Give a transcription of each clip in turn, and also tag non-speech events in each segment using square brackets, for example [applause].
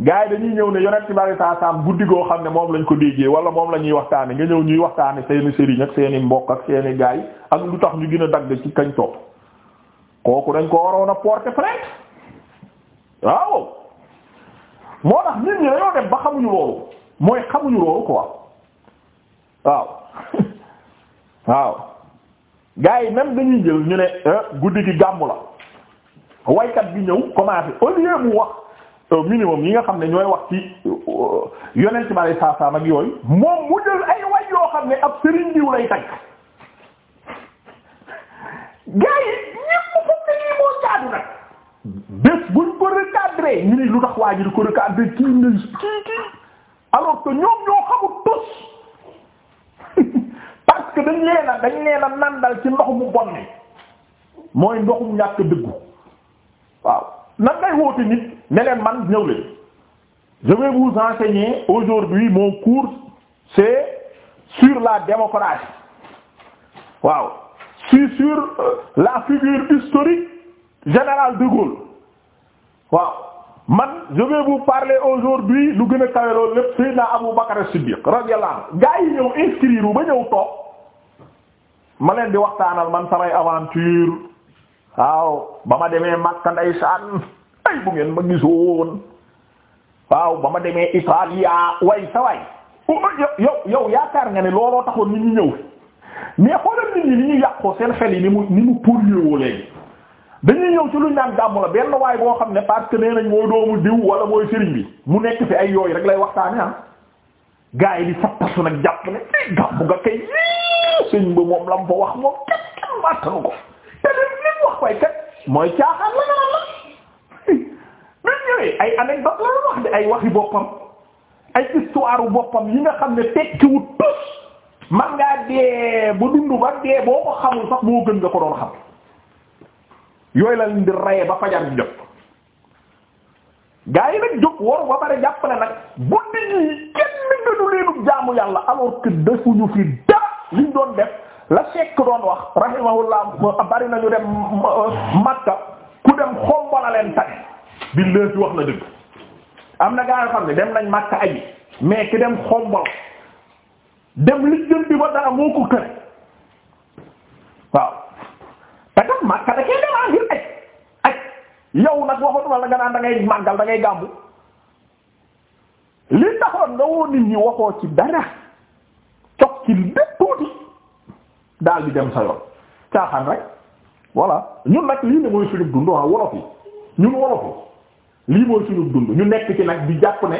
gars yi dañuy ñëw ne yonent bi saa saam guddi goo xam ne moom lañ ko déggee wala moom la ñuy waxtaane nga ñëw ñuy waxtaane seeni sëriñ ak seeni mbokk ak seeni gars yi ak lu tax ñu gën a dagg ci kañ topp kooku dañ ko waroon a porter plainte waaw moo tax nit ñi dañoo dem ba xamuñu loolu mooy xamuñu loolu quoi waaw [laughs] waaw gars yi même dañuy jël ñu ne eh, guddi gi gàmmu la waykat gi ñëw commencé au mu wax. minimum yi nga xam ne ñooy wax ci euh, yonent bi alay saasaam ak yooyu moom mu jël ay way yoo xam ne ab sëriñ diw lay tagg gaa yi ñépp foog ne lii moo jaadu nag bés buñ ko recadré ñu ne lu tax waa ji ko recadré kii kii kii alors que ñoom ñoo xamul tos [laughs] parce que dañ leena dañ leena nandal ci ndox mu bon ni mooy ndoxum ñàkk dëggu waaw nan ngay woote nit ne leen man ñëw leen je vais vous enseigner aujourd'hui mon cours c'est sur la démocratie waaw c'est sur euh, la figure historique générale de Gaulle waaw man je vais vous parler aujourd'hui lu gën a kawe loolu lépp Seydina Abou Bakr Siddiq radiyallahu anhu gaa yi ñëw inscrire ba ñëw toog ma leen di waxtaanal man samay aventure waaw ba ma demee Makka ndeysaan ay bu ngeen ma gisoon waaw ba ma demee Italia way sa waay yow yow yaakaar nga ne looloo taxoon ni ñu ñëw mais xoolal nit ñi ni ñu yàqoo seen xel yi ni mu ni mu pourriwoo léegi dañuy ñëw ci lu ñu naan gàmmu la benn waay boo xam ne parce que nee nañ doomu diw wala mooy sëriñ bi mu nekk fi ay yooy rek lay waxtaane ah gaa yi di fattasu nag jàpp ne i eh, gàmmu nga kay sëñ ba moom lam fa wax moom kat kat màttanu ko te lim wax koy kat mooy caaxaan la ay anecdote la wax di ay waxi boppam ay histoire boppam yi nga xam ne tekkiwut tus man ngaa dee ba dund ba dee boo ko xamul sax moo gën nga ko doon xam yooyu la leen di reye ba fajar bi jot gaa yi nag jóg war ba pare jàpp ne nag bu nit ñi kenn nga du leenu jaamu doon def la fekk doon wax rahimahullah bari nañu dem euh, Makka ku dem xombala leen billahi wax na dëgg am na gaa yoo xam ne dem nañ Makka aji mais ki dem xombal dem li jëm bi ba dara moo ko kër waaw te kat Makka da kee ngay màggal da ngay gàmbu li taxoon nga woo nit ñi waxoo ci dara cog ci lépp tuuti daal di dem sa yoon caaxaan rek voilà ñun nag lii ne mooy suñu dund ah, wolof yi ñun wolof yi lii mooy suñu dund ñu nekk ci nag di jàpp ne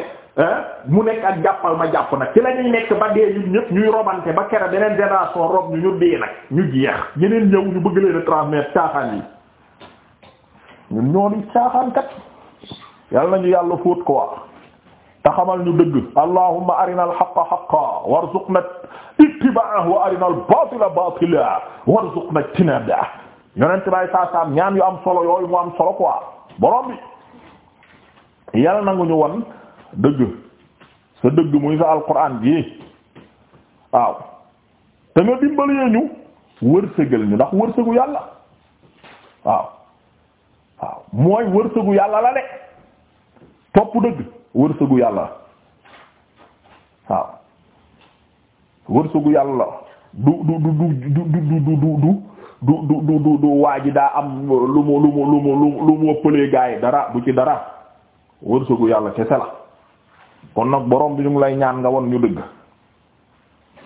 mu nekk ak jàppal ma jàpp nag ci la ñuy nekk ba dee ñun ñëpp ñuy robante ba kere beneen génération rob ñu ñu dee nag ñu jeex ñeneen ñëw ñu bëgg leen a transmettre caaxaan yi ñun ñoo di caaxaan kat yàlla nañu yàlla fóot quoi te xamal ñu dëgg allahumma arina alxaqa xaqa warzuqna ittiba'ahu wa arina albatila batila warzuqna ijtinaba yonent bay saa saam ñaan yu am solo yooyu mu am solo quoi borom bi yàlla nangu ñu won dëgg sa dëgg muy sa alquran ji waaw te nga dimbalee ñu wërsëgal ñu ndax wërsëgu yàlla waaw waaw mooy wërsëgu yàlla la de topp dëgg wërsëgu yàlla waaw wërsëgu yàlla du du du du du du du du du du du du waa ji daa am lu mu lu mu lu mu lu mu ëppalee gaay dara bu ci dara wërsëgu yàlla kese la kon nag borom bi ñu ngi lay ñaan nga won ñu dëgg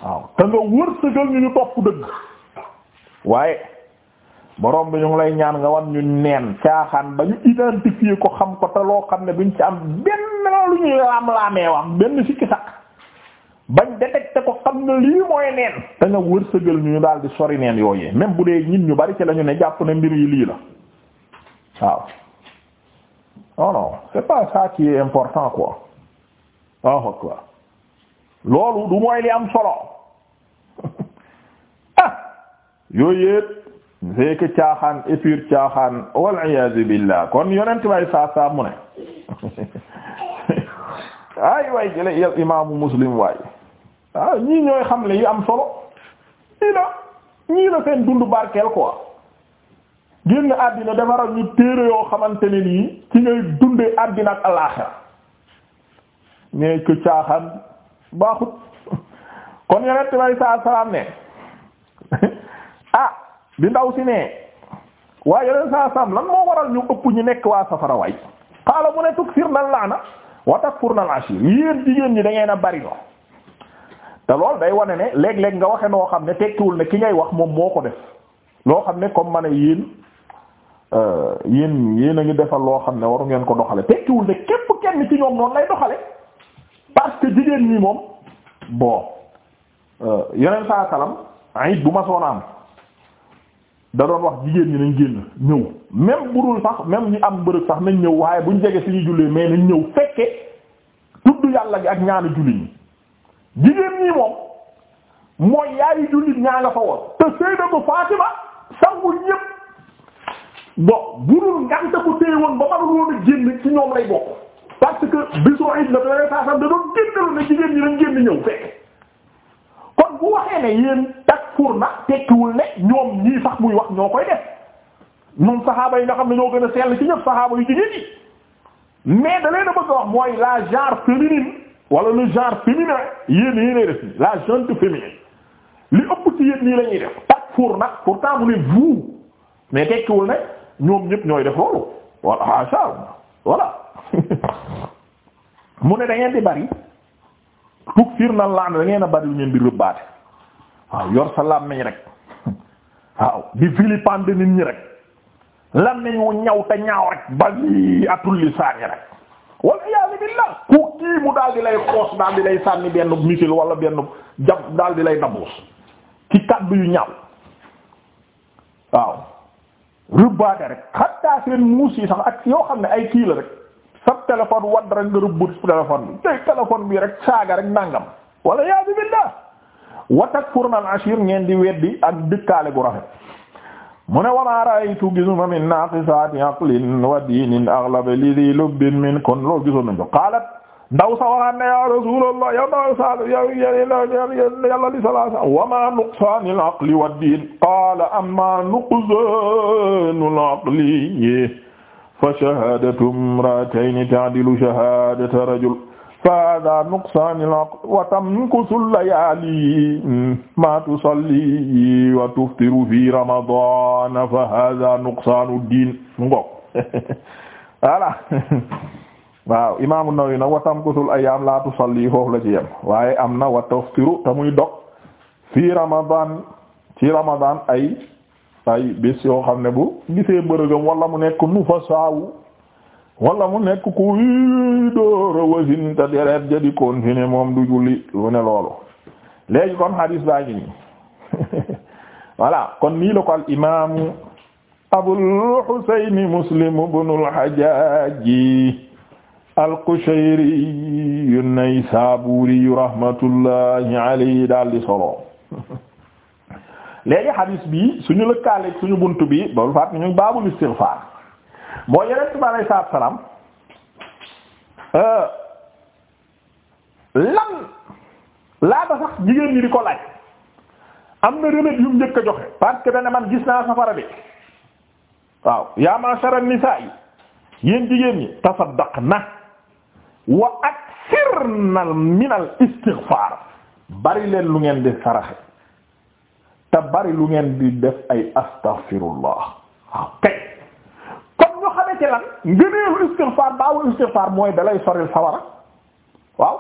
waaw te nga wërsëgal ñu ñu topp dëgg waaye borom bi ñu ngi lay ñaan nga won ñu neen caaxaan ba ñu identifier ko xam ko te loo xam ne duñ ci am benn lu ñuy laam laamee wax benn sikki sakk bañ détecté ko xam ne lii mooy neen te nga wërsëgal ñu ñu daal di sori neen yooyee même bu dee ñin ñu bari ci lañu ne jàpp ne mbir yi lii la waaw non non c'est pas ça qui est important quoi waaw ah, quoi loolu du mooy li am solo [laughs] ah yooyu yëpp c'est que caaxaan épure caaxaan wal iyaazu billah kon yonent way saa saa mu ne [laughs] ay way jële yal imaamu muslim waay ah ñii ñooy xam li yi am solo ñii la ñii la seen dundu génn àddina defaral ñu téere yoo xamante ne nii ci ngay dundee àddina ak alaaxira mais que caaxaan baaxut kon yonent bay saa salaam ne ah bi ndaw si ne waaye yonent saa salaam lan moo waral ñu ëpp ñu nekk waa safara waay xaala mu ne tuksirna al-la'na wa takfurna al-ashir yéen jigéen ñi da ngeen a bari no te loolu day wane ne léeg-léeg nga waxe noo xam ne tekkiwul ne ki ngay wax moom moo ko def loo xam ne comme ma ne yéen Euh, yéen yéen a ngi defal loo xam ne waru ngeen ko doxale tekkiwul ne képp kenn ci ñoom noonu lay doxale parce que jigéen ñi moom bon yeneen saa salam bu ma soona am da doon wax nañ génn ñëw même bu sax même ñu am bërëb sax nañ ñëw waaye buñ jege ñu jullee mais nañ ñëw fekke tudd yàlla gi ak ñaanu julli ñi jigéen ñi moom mooy yaayu jullit ñaa nga fa woon te Sayyidatu Fatima sangu ñépp bon bu dul ngànt bu téye woon ba mënul woon a génn ci ñoom lay bokk parce que bisu it la doon saasam da doon génnalu ne jigéen ñi dañ génn ñëw fekk kon bu waxee ne yéen takfur na tekkiwul ne ñoom ñii sax muy wax ñoo koy def ñoom saxaaba yi nga xam ne ñoo gën a sell ci ñëpp saxaaba yu jigéen ñi mais da leen a bëgg a wax mooy la genre féminine wala le genre féminin yéen yéenay def nii la gente féminine li ëpp ci yéen nii la def takfur nag pourtant mu ne mais tekkiwul ne. ñoom ñëpp ñooy def loolu ah, voilà macha [laughs] voilà mu ne da ngeen di bari tukk fiir na laan da ngeen a bari lu ngeen di rëbbaate waaw yor sa làmmiñ rek [laughs] waaw di vilipender nit ñi rek làmmiñ wu ñaw te ñaaw rek bali atul li saani rek wala iyaazu billaah ku kii mu daal di lay xoos daal lay sànni benn missile wala benn jab daal lay dabuus ci kaddu yu ñaaw waaw rëbbaate rek xatta seen muus yi sax ak yoo xam ne ay kii la rek sa téléphone wadd rek nga rëbbu téléphone bi tey bi rek saaga rek nangam wala yaa bi billah watak furnal ashir ngeen di weddi ak dëkkaale bu rafet mu ne wama raytu gisuma min naqisati aqlin wa diinin aghlab li di lubbin min kon loolu gisoon nañ ko ndaw sa waxaan ne ya rasulallah yow ndaw sa yow yàlla li salasa wama nuqsaanil aqli wa diin qaala amma nuqsaanul aqli fa shahadatu imra'atayn ta'dilu shahadata rajul fa hadha nuqsaanul aqli wa tamkusul layaali ma tusalli wa tuftiru fi ramadan fa hadha nuqsaanud diin [laughs] voilà [laughs] waaw imaamu Nawawi nag wa tamkusul ayyaam tusalli foofu la ci yem waaye am na wa taftiru te muy dog fii Ramadan ci Ramadan ay ay bis yoo xam ne bu gisee mbërëgam wala mu nekk nu fa mu nekk ku dóora wasin te deret ja di continuer moom du julli lu ne loolu léegi kon hadis baa ngi nii [laughs] voilà kon nii la ko al imaamu Abul Husayn Muslim ibnul Hajjaaj al-Qushayri an-Naysaburi rahmatullahi alayhi daal di solo léegi hadis bi suñu lëkkaaleeg suñu bunt bi balu faat ñu baabul istighfar moo yenent bi alayhi salaatu salaam euh, lan laata sax jigéen ñi di ko laaj am na remède yu mu njëkk a joxe parce que dana man gis naa safara bi waaw yaa ma'shara an-nisaa yi jigéen ñi tasaddaqna wa aksirna minal istighfar bari leen lu ngeen di saraxe te bari lu ngeen di def ay astaghfirullah waaw kay kon ñu xamee ci lan ngëneelu istighfar baawu istighfar mooy dalay soril sawara waaw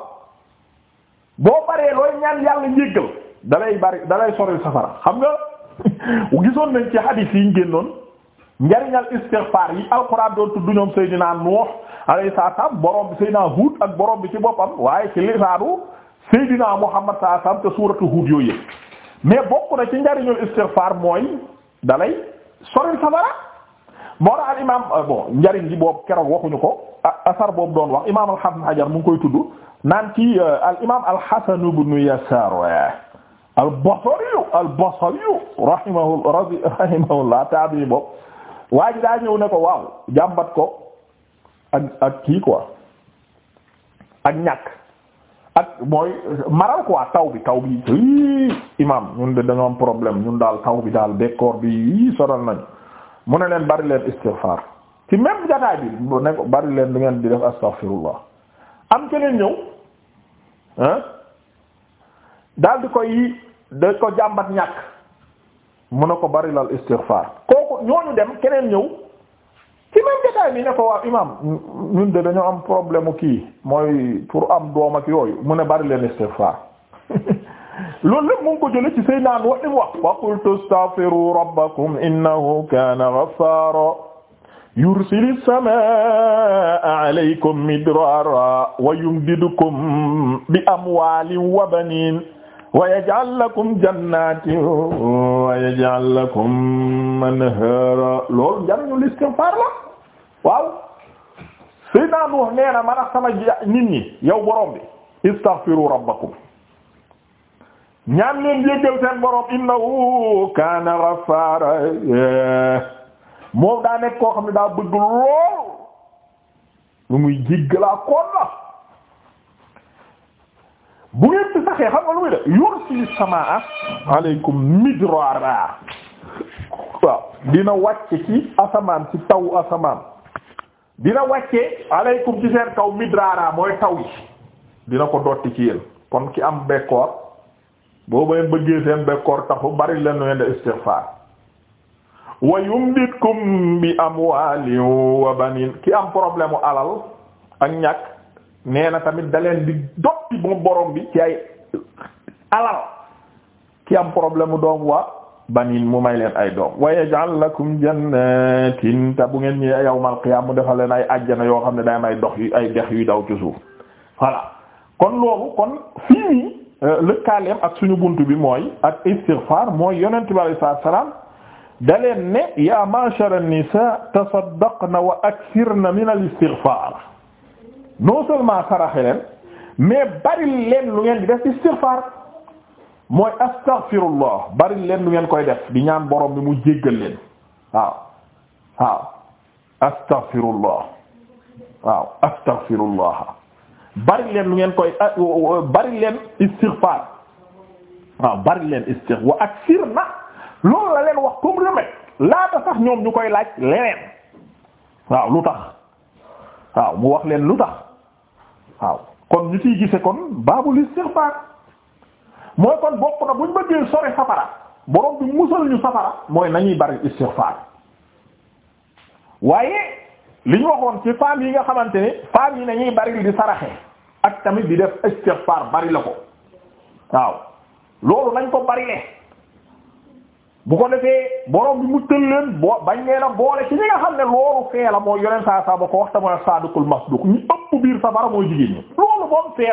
boo baree looy ñaan yàlla njéggal dalay bari dalay soril safara xam nga [laughs] gisoon nañ ci hadith yi ñu génnoon njariñal istighfar yi alxuraan doon tudd ñoom Seydina Nuux alayhi salaam borom bi Seydina Huud ak borom bi ci boppam waaye ci lisaanu Seydina Muhammad sallallahu te suuratu Huud yooyu mais bokk na ci njariñul istighfar mooy dalay soril sabara moo tax al imaam euh, waxuñu ko asar boobu wax imaam al-Hafiz Hajar mu ngi koy tudd naan ci euh, al imaam al-Hasan ibn Yasaar al-Basri al [laughs] rahimahullah tabi'i boobu waa ji daa ñëw ne ko waaw jàmbat ko ak ak kii quoi ak ñàkk ak mooy maral quoi taw bi taw bi imam ñun de dañoo problème ñun daal taw bi daal décor bi yii sonal nañu mu ne leen bari leen istighfar ci même jataay bi ne ko bari leen du ngeen di def astaghfirullah am keneen ñëw hein di koy da ko jàmbat ñàkk mu ne ko bari lal istighfar kooku ñooñu dem keneen ñëw ci même jotaay bi ne ko waaw imam ñun de dañoo am problème kii mooy pour am doom ak yooyu mu ne bari leen istighfar [laughs] loolu lépp mu ko jële ci Seydina Nuh li mu wa qultu astaghfiru rabbakum innahu kana ghaffara yursili samaa alaykum midrara wa yumdidukum bi amwalin wa banin wa yaj'al lakum jannatin wa yaj'al lakum anhara loolu njariñu istighfar la waaw suy naa nu wax nee na man ak sama nit ñi yow borom bi istaghfiru rabbakum ñaan leen jéggal seen borom innahu kaana ghaffara moom daa nekk koo xam ne daa bëgg lool lu muy jéggalaa koon la bu ngeen ci saxee xam nga lu muy def yursil samaa aleykum midrara waaw dina wàcce ci asamaan ci taw asamaan dina wàcce aleykum ci seen kaw midrara mooy taw dina ko dotti ci yéen kon ki am bekkoor boo bayen bëggee seen bekkoor taxu bari leen ngeen de istighfar wa yumditkum bi amwalin wa banin ki am problème alal ak ñàkk nee na tamit da leen di doppi moom borom bi ci ay alal ki am problème mu doom waa banin mu may leen ay doom waaye yaj'al lakum jannatin te bu ngeen ñi yawmal qiyaam mu defal leen ay ajjana yoo xam ne day ay dox yu ay dex yu daw ci suuf kon loolu kon fii euh, lëkkaaleem ak suñu bunt bi mooy ak istighfar mooy yonent bi alayhi salaatu wa salaam da leen ne ya ma'shara an-nisaa tasaddaqna wa akthirna min al non seulement saraxe leen mais bari leen lu ngeen di def istighfar mooy astaghfirullah bari leen lu ngeen koy def di ñaan borom bi mu jéggal leen waaw waaw astaghfirullah waaw astaghfirullah bari leen lu ngeen koy bari leen istighfar waaw bari leen istighfar wa aksir na loolu la leen wax comme remède laata sax ñoom ñu koy laaj leneen waaw lu tax waaw mu wax leen lu tax waaw kon ñu ciy gise kon baabul istighfar mooy kon bokk na bu bëggee sore safara borom bi musal ñu safara mooy nañuy bari istighfar waaye li ñu waxoon ci femmes yi nga xamante ni femmes yi nañuy bari di saraxe ak tamit bi def istighfar bari la ko waaw loolu nañ ko bari le bu ko defee borom bi mu tël leen boo bañ nee na boole ci ñi nga xam ne loolu fee la mooy saa saa ba ko wax te mooy saadukul masduq ñu ëpp biir safara mooy jigéen ñi loolu moom fee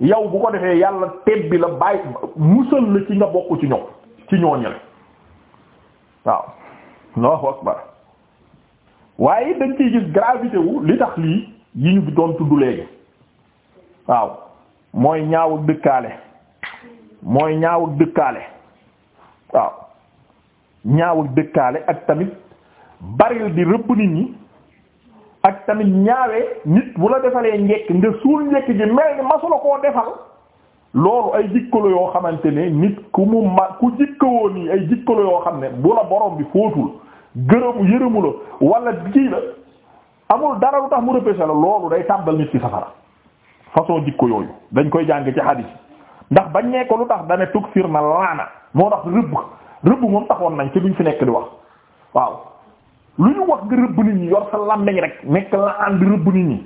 yow bu ko defee yàlla tebbi la bàyyi musal la ci nga bokk ci ñoom ci ñooñu la waaw Allahu akbar waaye dañ ciy gis gravité li tax lii yi ñu doon tudd léegi waaw mooy ñaaw ak dëkkaale mooy ñaaw ak dëkkaale waaw ñaawul dëkkaale ak tamit baril bi rëbb nit ñi ak tamit ñaawee nit bu la defalee njekk nga suul njekk ji mel ni masula koo defal loolu ay jikkalo yoo xamante ne nit ku mu ma ku jikkawoo nii ay jikkalo yoo xam ne bu la borom bi fóotul gërëmu yërëmu la wala kii la amul dara lu tax mu rëpéché la loolu day tàbbal nit ci safara façon jikko yooyu dañ koy jàng ci hadith ndax bañ nee ko lu tax dane tug fir na laana moo tax rëbb rëbb moom taxoon nañ ci duñ fi nekk di wax waaw lu ñu wax nga rëbb nit ñi yor sa làmmiñ rek nekk la ànd rëbb nit ñi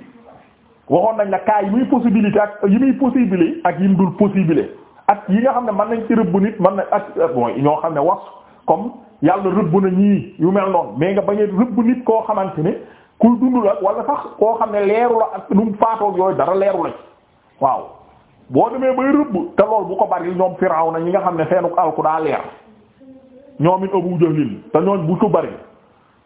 waxoon nañ la cas yi muy possibilité ak yi muy possible ak yi mu dul possible ak yi nga xam ne man nañ ci rëbb nit man na ak bon ñoo xam ne wax comme yàlla rëbb na ñii yu mel noonu mais nga bañ a rëbb nit koo xamante ne kuy dund la wala sax koo xam ne leeru la ak nu mu faatoog dara leeru waaw boo demee bay rëbb te lool bu ko bari ñoom na ñi nga xam ne feenuk alku daa leer ñoom it Abu Jahlil te ñooñ bu ko bari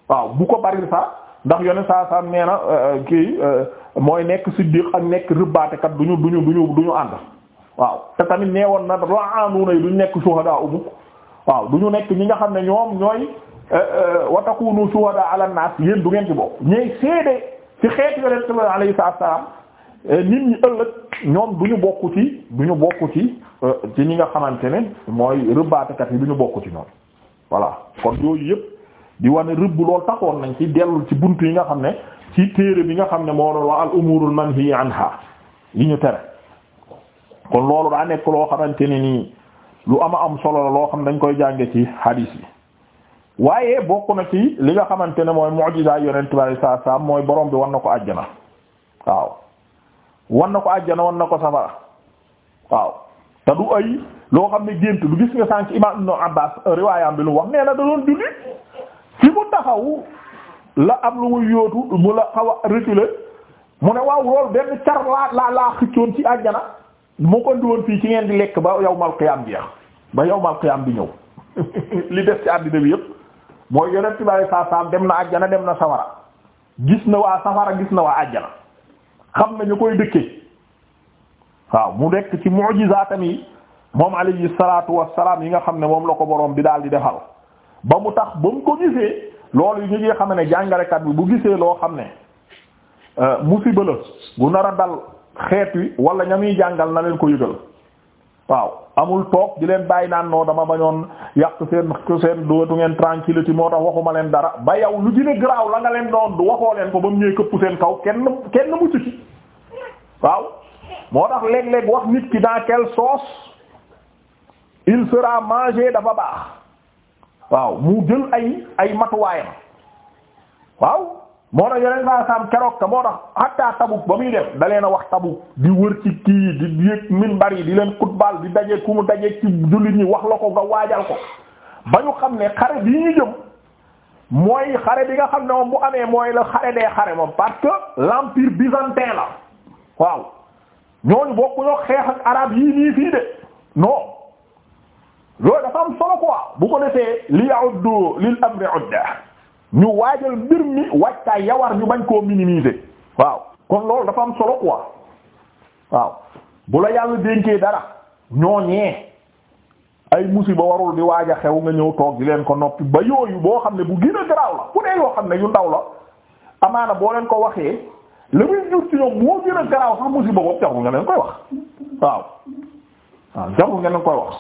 waaw bu ko bari sax ndax yone saa saa nee na euh, euh, kii euh, mooy nekk siddiq ak nekk rëbbaatekat duñu ñu du ñu ànd waaw te tamit nee woon na ra'anuna yi duñu nekk shuhada umuk waaw ñu nekk ñi nga xam ne ñoom ñooy wa takunu shuhada ala nas yéen du ngeen ci bokk ñooy seede ci xeet yonent bi salaam nit ñi ëllëg ñoom du ñu bokk ci du ñu bokk ci euh, ci ñi nga xamante ne mooy rëbbaatekat yi du ñu bokk ci ñoom voilà kon yooyu yëpp di wane rëbb lool taxoon nañ ci dellu ci buntu yi nga xam ne ci téere bi nga xam ne moo doon wax al umurul manhi anha yi ñu tere kon loolu daa nekk loo xamante ne nii lu ama am solo la loo xam dañ koy jànge ci hadith yi waaye bokk na ci li nga xamante ne mooy mu'jiza yonent bi sallallahu alayhi wasallam mooy borom bi war na ko àjjana waaw wan na ko àjjana wan na ko safara waaw te du ay loo xam ne gént lu gis nga sànq imam Ibn Abbas euh, riwaayam bi lu wax nee na da doon julli fi mu taxaw la am lu muy yóotu mu la xaw a mu ne waaw loolu benn car laa laa laa ci àjjana mu ko ndiwoon fii ci ngeen di lekk ba yawmal qiyaam bi ba yawmal qiyaam bi ñëw [laughs] li def ci àddina bi yépp mooy yonent bi sallallahu alayhi wasallam dem na àjjana dem na safara gis na waa safara gis na waa àjjana xam na ñu koy dëkkee waaw mu nekk ci mu'jizaatam yi moom alayhi salaatu wassalaam yi nga xam ne moom la ko borom bi daal di defal ba mu tax ba mu ko gisee loolu yi ñu xam ne jàngalekat bi bu gisee loo xam ne euh, musiba la gu nar a dal xeet wi wala ña muy jàngal na leen ko yëgal. waaw amul toog di leen bàyyi naan noo dama bañoon yàq seen seen dootu ngeen tranquillité moo tax waxuma leen dara ba yow lu gën a garaaw la nga leen doon du waxoo leen ko ba mu ñëw këpp seen kaw kenn kenn mu ci waaw moo tax léeg-léeg wax nit ki dans quelle soos il sera mangé dafa baax waaw mu jël ay ay matuwaayam waaw moo tax yeneen saa saam keroog ka moo tax hatta Tabuk ba muy def da leen wax Tabuk di wër ci kii di yëg minbar yi di leen xutbal di daje ku mu daje ci jullit ñi wax la ko nga waajal ko ba ñu xam ne xare bi ñu jëm mooy xare bi nga xam ne moom bu amee mooy la xare dee xare moom parce que l'empire byzantin la waaw ñooñu bokkuñoo xeex ak arab yii nii fii de non loolu dafa am solo quoi bu ko defee li ya'uddu lil amri 'udda ñu waajal mbir mi wàccaay yawar ñu bañ koo minimiser waaw kon loolu dafa am solo quoi waaw bu la yàlla dénkee dara ñooñee ay musiba warul di waaja xew nga ñëw toog di leen ko noppi ba yooyu boo xam ne bu gën a garaaw la bu dee yoo xam ne yu ndaw la amaana boo leen ko waxee la muy jur ci ñoom moo gën garaaw sax musiba boobu jarul nga leen koy wax waaw waaw jarul nga leen koy wax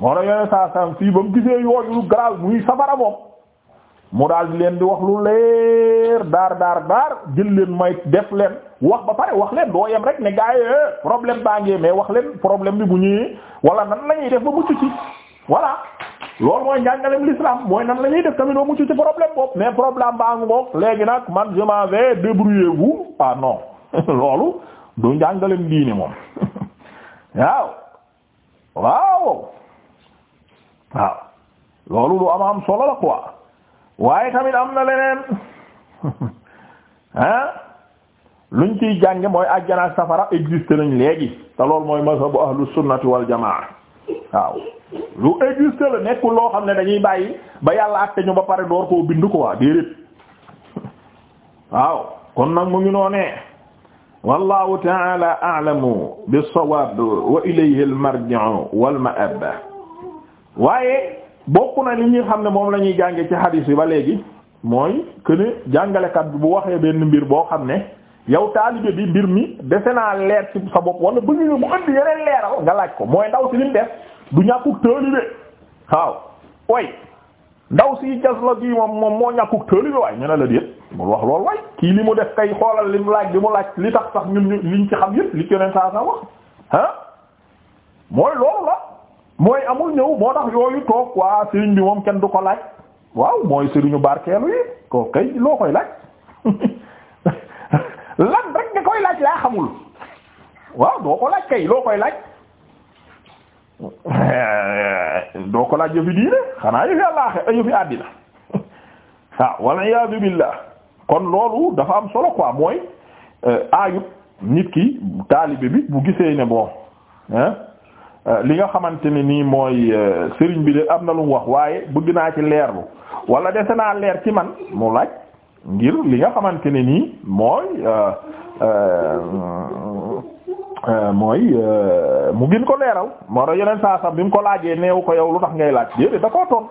moo na yone saa saa fii ba mu gisee yooyu lu garaaw muy safara moom mu daal di leen di wax lu leer daar daar daar jël leen may def leen wax ba pare wax leen doo yem rek ne gaa yi eh, problème baa ngee mais wax leen problème bi bu ñëwee wala nan la ñuy def ba mucc ci voilà loolu mooy njàngalem l'islam mooy nan la ñuy def tamit doo mucc ci problème boobu mais problème baa ngoog léegi nag man je m'en vais gu vous ah non [laughs] loolu du njàngalem diine moom [laughs] waaw waaw waaw loolu lu am am solo la quoi waaye tamit am na leneen ah luñ ciy jànge mooy àjjana ak safara existe nañ léegi te loolu mooy mazhabu ahlu sunnati wal jamaa waaw lu existe la nekkul loo xam ne dañuy bàyyi ba yàlla àtte ñu ba pare door ko bind ko waa déedéet waaw kon nag mu ngi noonee wallahu ta'ala a'lamu bis-sawab wa ilayhi al-marji'u wal ma'ab waaye bokk na li ñuy xam ne moom la ñuy jàngee ci hadis bi ba léegi mooy que ne jàngalekat bi bu waxee benn mbir boo xam ne yow taalibe bi mbir mi dese naa leer ci sa bopp wala bëgg nga mu ëndi yeneen leeral nga laaj ko mooy ndaw si li def du ñàkkug taalibe waaw ndaw si jas la gi moom moom moo ñàkkug taalibe waay ñu ne la déet bul wax lool waay kii li mu def kay xoolal li mu laaj bi mu laaj li tax sax ñun ñu liñ ci xam yëpp li ci yeneen saa sa wax ah mooy loolu la. mooy amul ñëw moo tax yooyu toog waa sëriñ bi moom kenn du ko laaj waaw mooy sëriñu barkeelu yi ko kay loo koy laaj [laughs] lan rek nga koy laaj laa xamul waaw doo ko laaj kay loo koy laaj [laughs] doo ko laaj yëfi diine xanaa yëfi àllaaxe yëfi àddina waaw [laughs] ah wal iyaadu billah kon loolu dafa am solo quoi mooy euh, aayut nit ki taalibe bi bu gisee ne bon hein li nga xamante ne nii mooy euh, sëriñ bi am na lu wax waaye bëgg naa ci leerlu wala dese naa leer ci man mu laaj ngir li nga xamante ne nii mooy euh, euh, mooy mu gën ko leeral moo tax yeneen saa sax bi mu ko laajee neewu ko yow lu tax ngay laaj déedéet da koo toon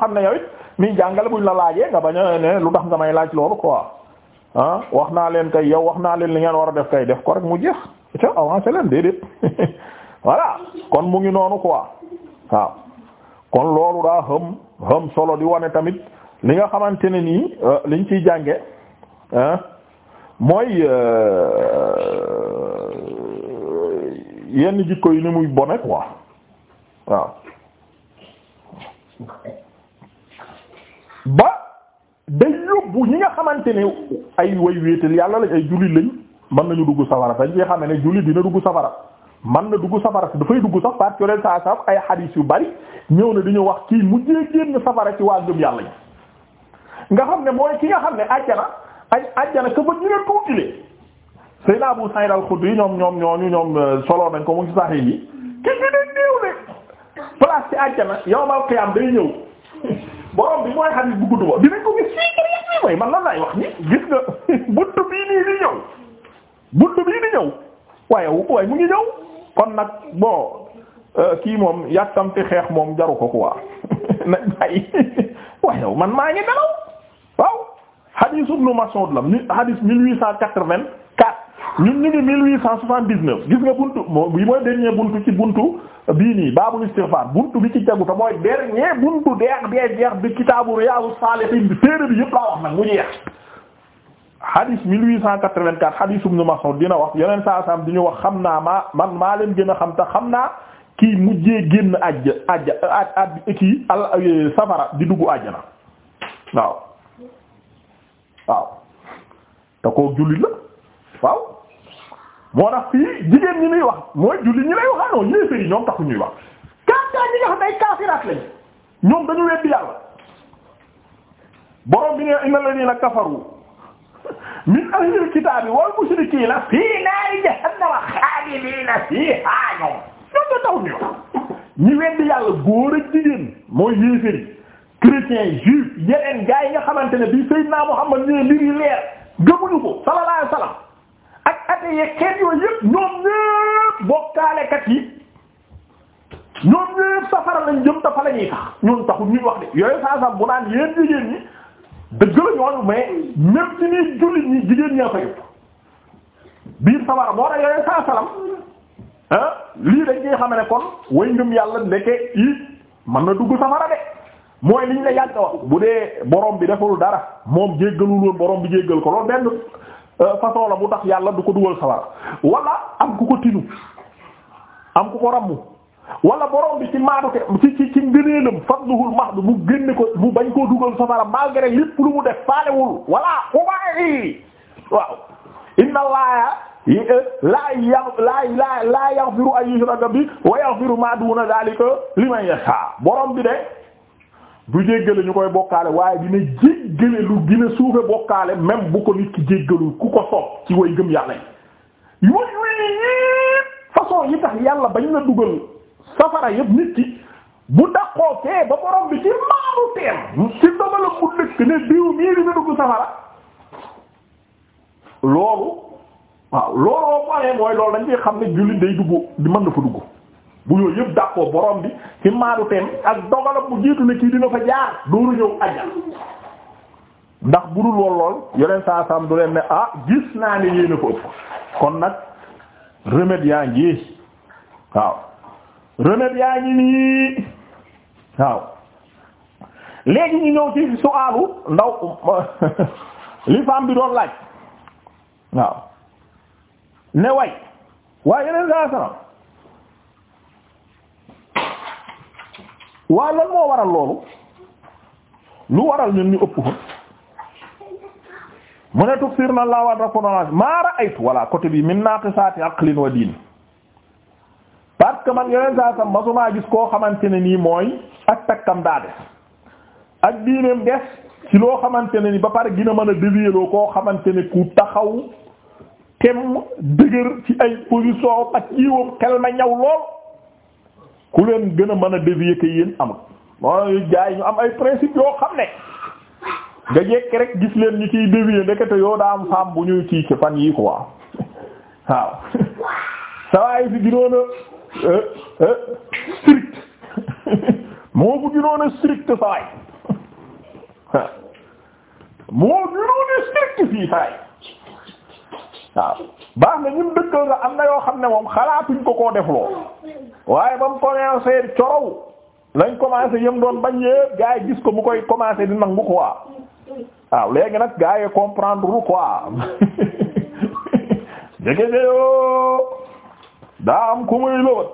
xam ne yow mi miy jàngale buñ la laajee nga bañ a ne lu tax nga may laaj loolu quoi ah wax naa leen kay yow wax naa leen li ngeen war a def kay def ko rek mu jeex ca avancé leen déedéet [laughs] voilà kon mu ngi noonu quoi waaw kon loolu daa xam xam solo di wane tamit li nga xamante ne nii euh, liñ ciy jànge mooy euh, yenn jikko yi muy bone quoi waaw ba day yóbbu ñi nga xamante ne ay way wéetal yàlla lañ ay jullit lañ mën nañu dugg safara dañ ci xame ne jullit dina dugg safara man na dugg safara si dafay dugg sax parce que saa saa ay hadith yu bari ñëw na di ñu wax kii mujjee génn safara ci waa ngëm yàlla ñi nga xam ne mooy ki nga xam ne àjjana ay àjjana ka ba gën a tuutilee Seydina Abu Sa'id al euh, solo nañ ko mu ci saxee yi ki gën a néew ne place ci àjjana yawmal qiyaam day ñëw borom bi mooy hadith bu gudd ba dinañ ko gis fii man lan laay wax ni gis nga [laughs] buntu bii nii di ñëw buntu bii di ñëw waaye waaye mu ngi ñëw. kon nag bon euh, kii moom yàkkamti xeex moom jaru ko quoi [laughs] nañ bàyyi [laughs] waaye man maa ngi nelaw waaw hadith Ibn Mas'ud la hadith mille huit cent quatre-vingt-quatre ñun ñu ngi mille huit cent soixante-dix-neuf gis nga buntu bi mooy dernier buntu ci buntu bii nii baabul istighfar buntu bi ci tegu te mooy dernier buntu deex dee jeex bi kitaabu Riyâdous-Sâlihîne bi téere bi yëpp laa wax nag mu jeex hadith 1884 hadith Ibn Mas'ud dina wax yeneen saa saam di ñu wax xam naa maa man maa leen gën a xam te xam naa kii mujjee génn àjj àjj àjj safara di dugg àjjana waaw waaw te koo jullit la waaw moo tax fii jigéen ñi muy wax mooy jullit ñi lay waxaanoo ah yéefar yi ñoom taxu ñuy wax kàttan ñi nga xam ay kaafiraat lañ ñoom dañu weddi yàlla borom bi ne inna alladhina kafaru min ahlil kitaabi wal la fii naari jahannama xaalidiina fiihaa ñoom ñoom da taw ñu ñi weddi yàlla góor ak jigéen mooy yéeféri chrétien juif yeneen gaa yi nga xamante ne bii Seydina Muhammad ne mbir yi leer gëmuñu ko sallallahu alayhi wasallam ak athée yooyu yëpp ñoom ñëpp bokkaalekat yi ñoom ñëpp safara lañ jëm ta fa tax ñoom taxul ñuy wax de yooyu saa sax bu naan yéen jigéen ñi dëgg la ñooñu mais même ci ñuy jullit jigéen ñaa fa yëpp biir sawara moo tax yooyu saa salaam ah lii dañ koy xam ne kon way ngëm yàlla ndeke it mën na dugg safara de mooy liñ la yàgg wax bu dee borom bi deful dara moom jéggalul woon borom bi jéggal ko loolu benn euh, façon la bu tax yàlla du ko dugal safara wala am ku ko tinu am ku ko rammu. wala borom bi ci maadute ci ci ci ngëneelam fadluhul mahd mu génne ko mu bañ koo dugal safara malgré lépp lu mu def faalewul wala xubaay waaw inna laa eh, ya laa laa laa yaghfiru an yushraka bi wa yaghfiru ma duna dhalika borom bi de du jéggale ñu koy bokkaale waaye dina jéggale lu dina suufe bokkaale même bu ko nit ki jéggalul ku ko sopp ci way gëm yàlla yi yooyu façon yi tax yàlla bañ na dugal safara yëpp nit ki bu daqoo fee ba borom bi ci maanu teel ci dogala bu dëkk ne diw mii dina dugg safara loolu waaw looloo paree mooy loolu dañ xam ne jullit day dugg di mën na fa dugg bu yooyu yëpp daqoo borom bi ci maanu teel ak dogala bu jiitu ne kii dina fa jaar dooru ñëw ajal ndax bu dul woon lool yeneen saa saam du leen ne ah gis naa ne yéen a ko ëpp kon nag remède yaa waaw remède yaa ngi nii waaw léegi ñu ñëw ci ndaw li femme bi doon laaj waaw ne way waaye yeneen saa salaam waaye moo waral loolu lu waral ñun ñu ëpp ko mu ne tufsir na laa war a rafetlu maara aytu walla côté bi min naaqisaati aqlin wa diin. que man yoneen saa sam masumaa gis koo xamante ne nii mooy ak takkam daa ak diineem des ci loo xamante ne ni ba pare gina mën a loo koo xamante ne ku taxaw tem dëgër ci ay position ak jiwam xel ma ñaw lool ku leen gën a mën a dévier que yéen amul mooy jaay ñu am ay principe yoo xam ne nga jekk rek gis leen ñu ciy dévier ndekete yoo daa am femme bu ñuy ci ci fan yi quoi waaw [laughs] sawaay si ginoona strict moo strict moo gënoon a strict fii saay waaw baax na ñun dëkkal nga am na yoo xam ne moom xalaatuñ ko koo defloo waaye ba mu commencé corow lañ commencé yëm doon bañ yëpp gars gis ko mu koy commencé di nangu quoi waaw léegi nag gars yi comprendre lu quoi [laughs] jege jeyoo daa am ku muy lëbët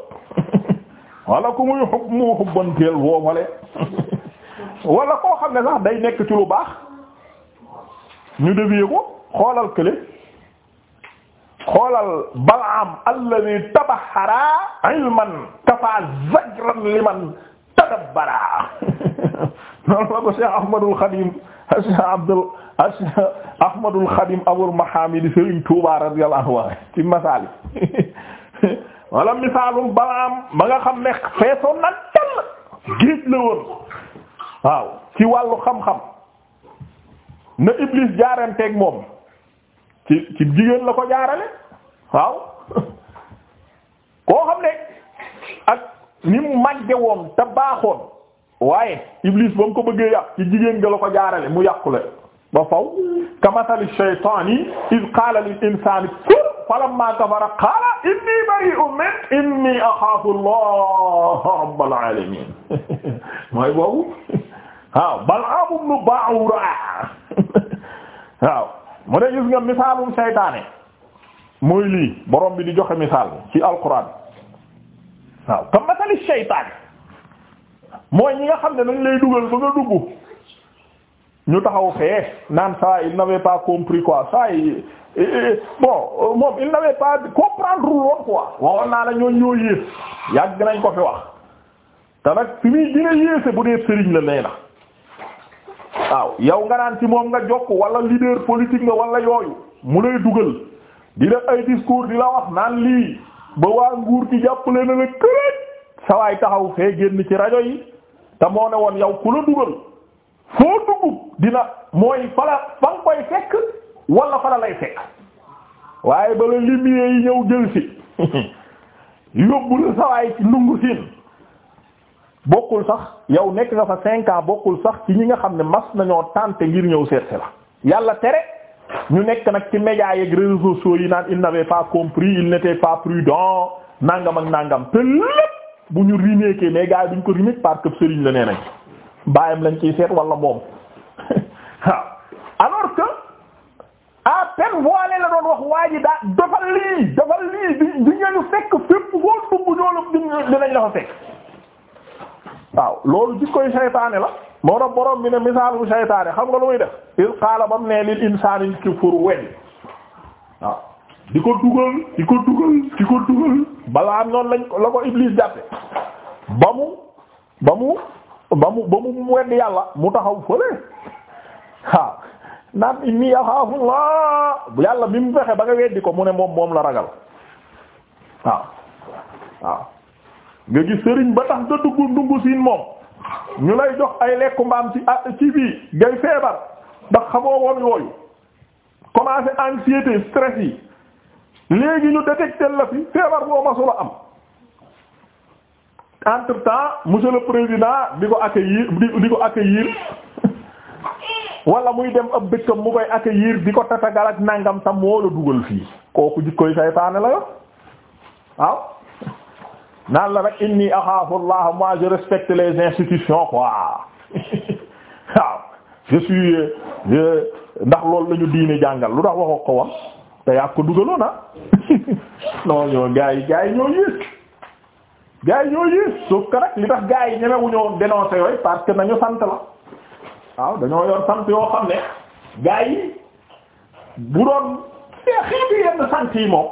wala ku muy xub mu xubbanteel foofale wala koo xam ne sax day nekk ci lu baax ñu dévier ko xoolal kële xoolal balaam alladi tabaxara ilman kafaa zajran liman tadabbara noonu la ko Cheikh Ahmadul Xadim Cheikh Abdul Ahmadul Xadim Abul Mahamid Serigne Touba radiyallahu anhu ci Masalik [laughs] wala misaalum balaam ma nga xam ne feesoon na tell géej la woon waaw ci wàllu xam-xam na iblis jaaranteeg moom ci ci jigéen la ko jaarale waaw [laughs] koo xam ne ak ni mu màgge woon te baaxoon waaye iblis ba mu ko bëggee yàq ci jigéen nga la ko jaarale mu yàqule ba faw kamatali shaytaani iz qaala lil insaani falamma kafara qaala inni bari'un min inni axaafu rabbal alamin [laughs] mooy boobu waaw Bal'aam ibn Ba'ura waaw mu ne gis nga misaalum seytaane mooy lii borom bi di joxe misaal ci alquran waaw ka masali seytaane mooy ñi nga xam ne dañ lay dugal ba nga dugg ñu taxaw fee naan ça il n'avait pas compris quoi ça bon moom il n'avait pas comprendre lool quoi waxoon naa la ñooñ ñoo yées yàgg nañ ko fi wax te nag fi muy dina yéese bu dee sëriñ la nee na waaw yow nga naan si moom nga jokk wala leader politique nga wala yooyu mu lay dugal di def ay discours di la wax naan lii ba waa nguur gi jàpp na la kërëj sawaay taxaw fee génn ci rajo yi te moo ne woon yaw ku la dugal foo dugg dina mooy fala fa koy fekk wala fa la lay fekk waaye ba la yi ñëw jël si [laughs] yóbbu la sawaay ci ndungu siin bokkul sax yow nekk nga fa cinq ans bokkul sax ci ñi nga xam ne mas nañoo tànte ngir ñëw seetsi la yàlla tere ñu nekk nag ci médias yeeg réseaux sociaux yi naan il n'avait pas compris il net pas prudent nangam ak nangam te lépp bu ñu rimeekee mais gars ko rimeek parce que sëriñ la nee nañ bàyyam lañ ciy seet wala moom waaw [laughs] alors que à peine voilé la doon wax waa ji daa defal lii defal lii di di ngeen fekk fépp foo dugg ñoolu dinañ la fa fekk waaw loolu jikkoy saytaane la moo tax borom bi ne misaal bu saytaane xam nga lu muy def il qaala bam ne lil insaani kufur wen waaw di ko dugal di ko dugal di ko dugal balaa noonu lañ la ko Iblis jàppe ba mu ba mu ba mu ba mu weddi yàlla mu taxaw fële waaw naan inni axaafullah yàlla bi mu fexe ba nga weddi ko mu ne moom moom la ragal waaw waaw nga gis sëriñ ba tax nga dugg ndungu siin moom ñu lay jox ay lekku mbaam ci ah, ci bii ngay feebar ndax xamoo woon yooyu commencé anxiété stress yi léegi ñu détecté la fi feebar boo masula am entre temps monsieur le président di ko accueillir di ko accueillir [laughs] wala muy dem ab dëkkam mu koy accueillir di ko tatagal ak nangam tam moo la dugal fii kooku jikkoy saytaane la yo waaw naan la rek inni axaafu Allah moi je respecte les institutions quoi [laughs] je suis ndax loolu la ñu diine jàngal lu tax waxoo ko woon te yaa ko dugaloon ah [laughs] non ñoo gars yi gars yi ñoo yées gars yi ñoo yées sauf que rek li tax gars yi ñemewuñoo dénoncer yooyu parce que nañu sant la. waaw dañoo yor sant yoo xam ne gaa yi bu doon yenn sant yi moom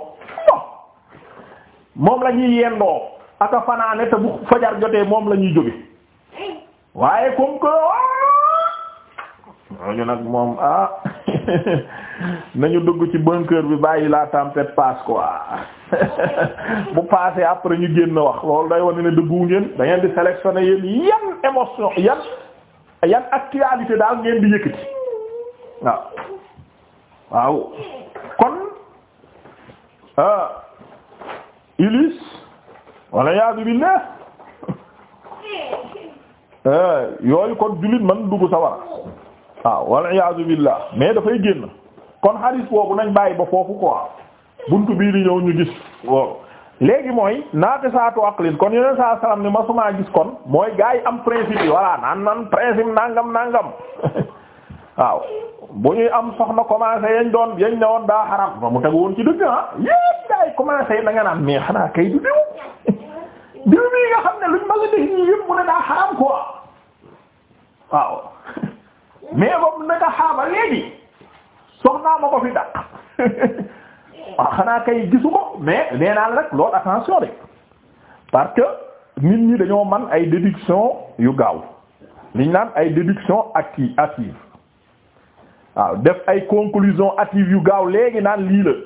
moom la ñuy yendoo aka fanaane te bu fajar jotee moom la ñuy jóge waaye comme que ñooñu nag moom ah [laughs] nañu dugg ci bunker bi bàyyi laa tempête passe quoi [laughs] bu passé après ñu génn wax loolu day wane ne dëggu ngeen da ngeen di sélectionner yéen yan émotion yan yan actualité daal ngeen di yëkkati waaw kon ah ilis wala yaabi billah [laughs] ah, yooyu kon jullit man dugg sa war waaw wal iyaazu billah mais dafay génn kon hadith boobu nañ bàyyi ba foofu quoi buntu bii di ñëw ñu gis loolu léegi mooy naate saatu aqlin kon yeneen saa salaam ni masumaa gis kon mooy gaa yi am principe yi voilà naan nan principe nangam nangam [laughs] waaw bu ñuy am soxna commencé yañ doon yañ ne woon daa xaram ba mu tegu woon ci dëgg ah yépp gaa yi commencé da nga naan mais xanaa kay du diw [laughs] diw mii nga xam ne luñ mën a dégg ñi yëpp mu ne daa xaram quoi waaw [laughs] mais boobu naka xaaba léegi soxnaa ma ko fi dàq waaw xanaa kay gisu ko mais nee naa la rek loolu attention rek parce que nit ñi dañoo man ay déduction yu gaaw liñ naan ay déduction active active waaw def ay conclusion active yu gaaw léegi naan lii la